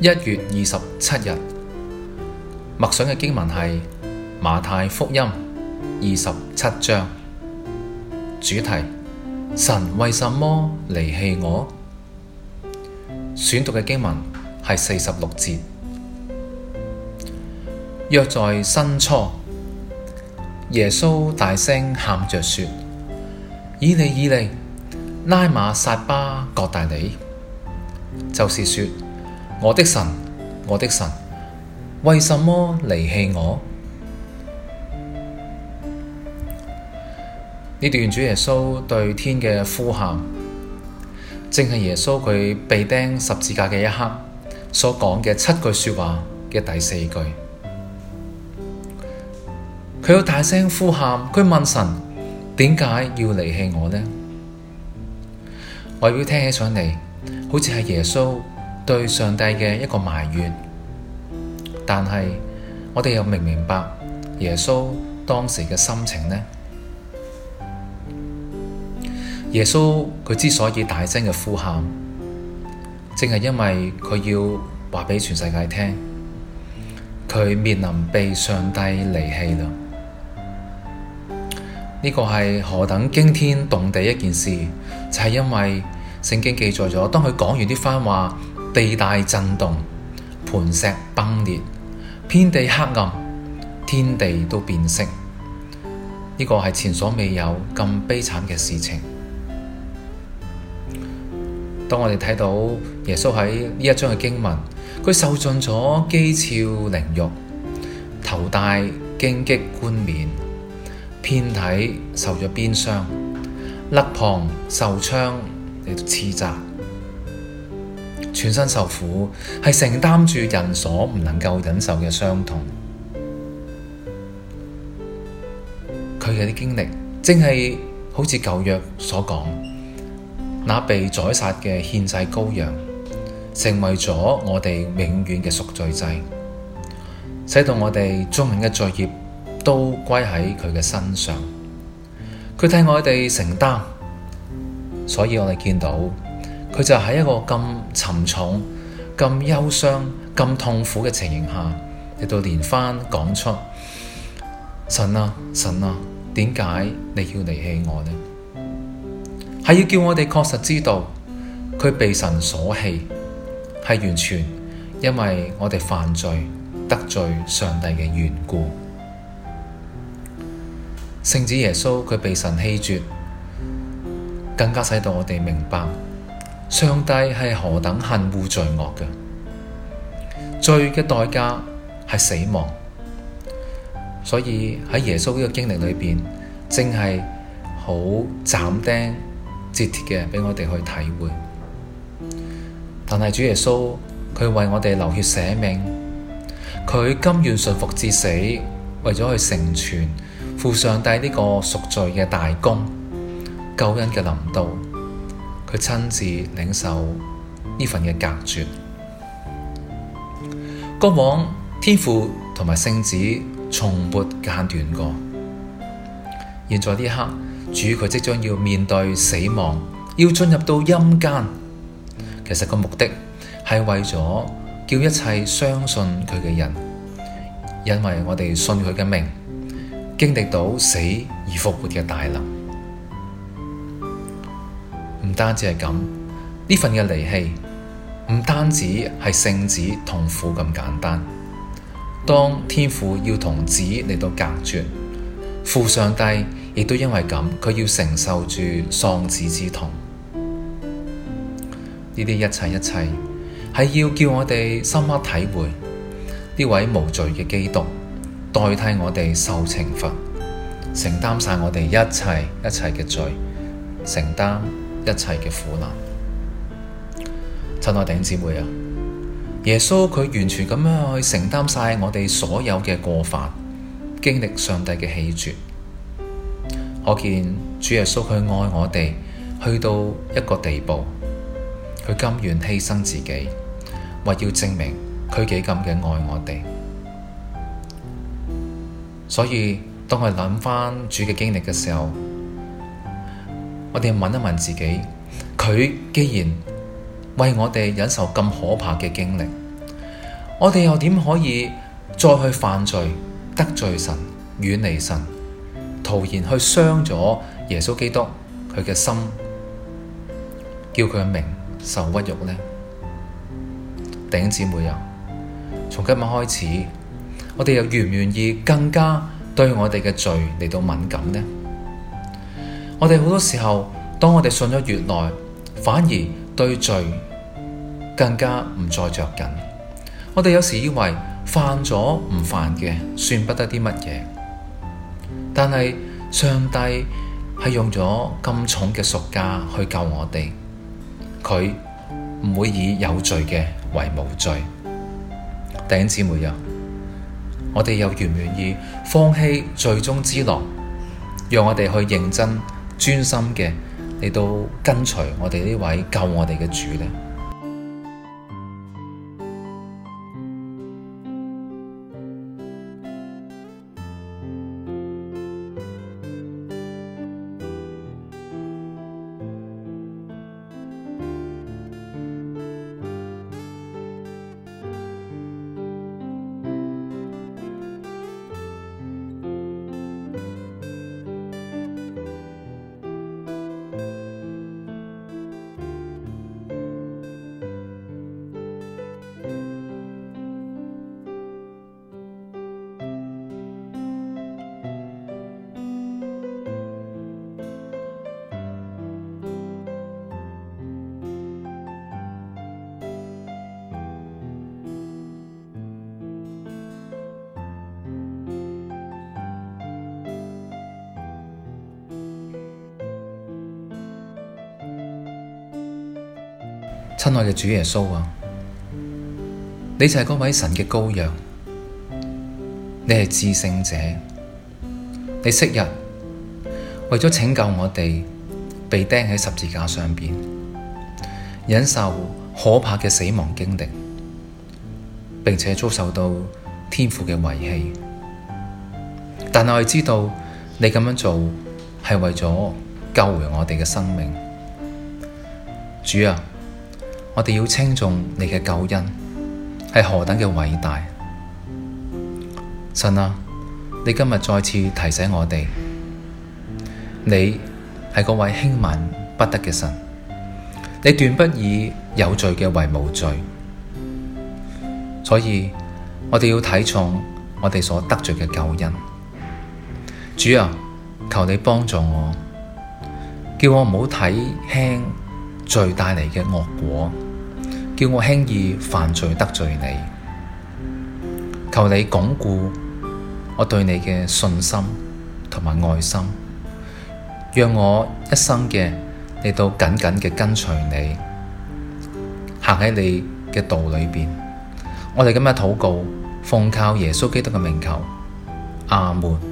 一月二十七日默想嘅經文係馬太福音二十七章，主題，神為什麼離棄我？選讀嘅經文係四十六節。約在新初，耶穌大聲喊着說：以利以利，拉馬撒巴各大尼，就是說。我的神，我的神，為什麼離棄我？呢段主耶穌對天嘅呼喊，正係耶穌佢被釘十字架嘅一刻所講嘅七句說話嘅第四句。佢要大聲呼喊，佢問神點解要離棄我呢？外表聽起上嚟，好似係耶穌。對上帝嘅一個埋怨，但係我哋又明唔明白耶穌當時嘅心情呢？耶穌佢之所以大聲嘅呼喊，正係因為佢要話俾全世界聽，佢面臨被上帝離棄啦。呢、這個係何等驚天動地一件事！就係、是、因為聖經記載咗，當佢講完呢番話。地大震動，磐石崩裂，遍地黑暗，天地都變色。呢、這個係前所未有咁悲慘嘅事情。當我哋睇到耶穌喺呢一章嘅經文，佢受盡咗譏誚凌辱，頭戴荊棘冠冕，遍體受咗鞭傷，肋旁受槍嚟刺扎。全身受苦，係承擔住人所唔能夠忍受嘅傷痛。佢嘅啲經歷，正係好似舊約所講，那被宰殺嘅獻祭羔羊，成為咗我哋永遠嘅贖罪祭，使到我哋眾人嘅罪孽都歸喺佢嘅身上。佢替我哋承擔，所以我哋見到。佢就喺一個咁沉重、咁憂傷、咁痛苦嘅情形下，直到連番講出：神啊，神啊，點解你要離棄我呢？係要叫我哋確實知道，佢被神所棄，係完全因為我哋犯罪，得罪上帝嘅緣故。聖子耶穌，佢被神棄絕，更加使到我哋明白。上帝係何等恨惡罪惡嘅，罪嘅代價係死亡，所以喺耶穌呢個經歷裏面，正係好斬釘截鐵嘅俾我哋去體會。但係主耶穌佢為我哋流血捨命，佢甘願信服至死，為咗去成全父上帝呢個贖罪嘅大功、救恩嘅臨到。佢親自領受呢份嘅隔絕，過往天父同埋聖子從沒間斷過。現在呢刻，主佢即將要面對死亡，要進入到陰間。其實個目的係為咗叫一切相信佢嘅人，因為我哋信佢嘅命，經歷到死而復活嘅大能。唔單止係咁，呢份嘅離棄，唔單止係聖子痛苦咁簡單。當天父要同子嚟到隔絕，父上帝，亦都因為咁，佢要承受住喪子之痛。呢啲一切一切，係要叫我哋深刻體會。呢位無罪嘅基督代替我哋受懲罰，承擔晒我哋一切一切嘅罪，承擔。一切嘅苦難，親愛弟兄姊妹啊，耶穌佢完全咁樣去承擔晒我哋所有嘅過犯，經歷上帝嘅棄絕，可見主耶穌佢愛我哋去到一個地步，佢甘願犧牲自己，話要證明佢幾咁嘅愛我哋。所以當我諗翻主嘅經歷嘅時候。我哋問一問自己，佢既然為我哋忍受咁可怕嘅經歷，我哋又點可以再去犯罪得罪神、遠離神，徒然去傷咗耶穌基督佢嘅心，叫佢嘅名受屈辱呢？弟兄姊妹啊，從今日開始，我哋又願唔願意更加對我哋嘅罪嚟到敏感呢？我哋好多時候，當我哋信咗越耐，反而對罪更加唔再着緊。我哋有時以為犯咗唔犯嘅，算不得啲乜嘢。但係上帝係用咗咁重嘅贖價去救我哋，佢唔會以有罪嘅為無罪。弟兄姊妹啊，我哋又願唔願意放棄罪中之樂，讓我哋去認真？專心嘅你都跟隨我哋呢位救我哋嘅主咧。親愛的主耶穌啊，你就係嗰位神嘅羔羊，你係至聖者，你昔日為咗拯救我哋，被釘喺十字架上面，忍受可怕嘅死亡經歷，並且遭受到天父嘅遺棄，但係我知道你咁樣做係為咗救回我哋嘅生命，主啊！我哋要輕重你嘅救恩係何等嘅偉大，神啊，你今日再次提醒我哋，你係嗰位輕慢不得嘅神，你斷不以有罪嘅為無罪，所以我哋要睇重我哋所得罪嘅救恩。主啊，求你幫助我，叫我唔好睇輕罪帶嚟嘅惡果。叫我輕易犯罪得罪你，求你鞏固我對你嘅信心同埋愛心，讓我一生嘅嚟到緊緊嘅跟隨你，行喺你嘅道裏面。我哋今日禱告，奉靠耶穌基督嘅名求，阿門。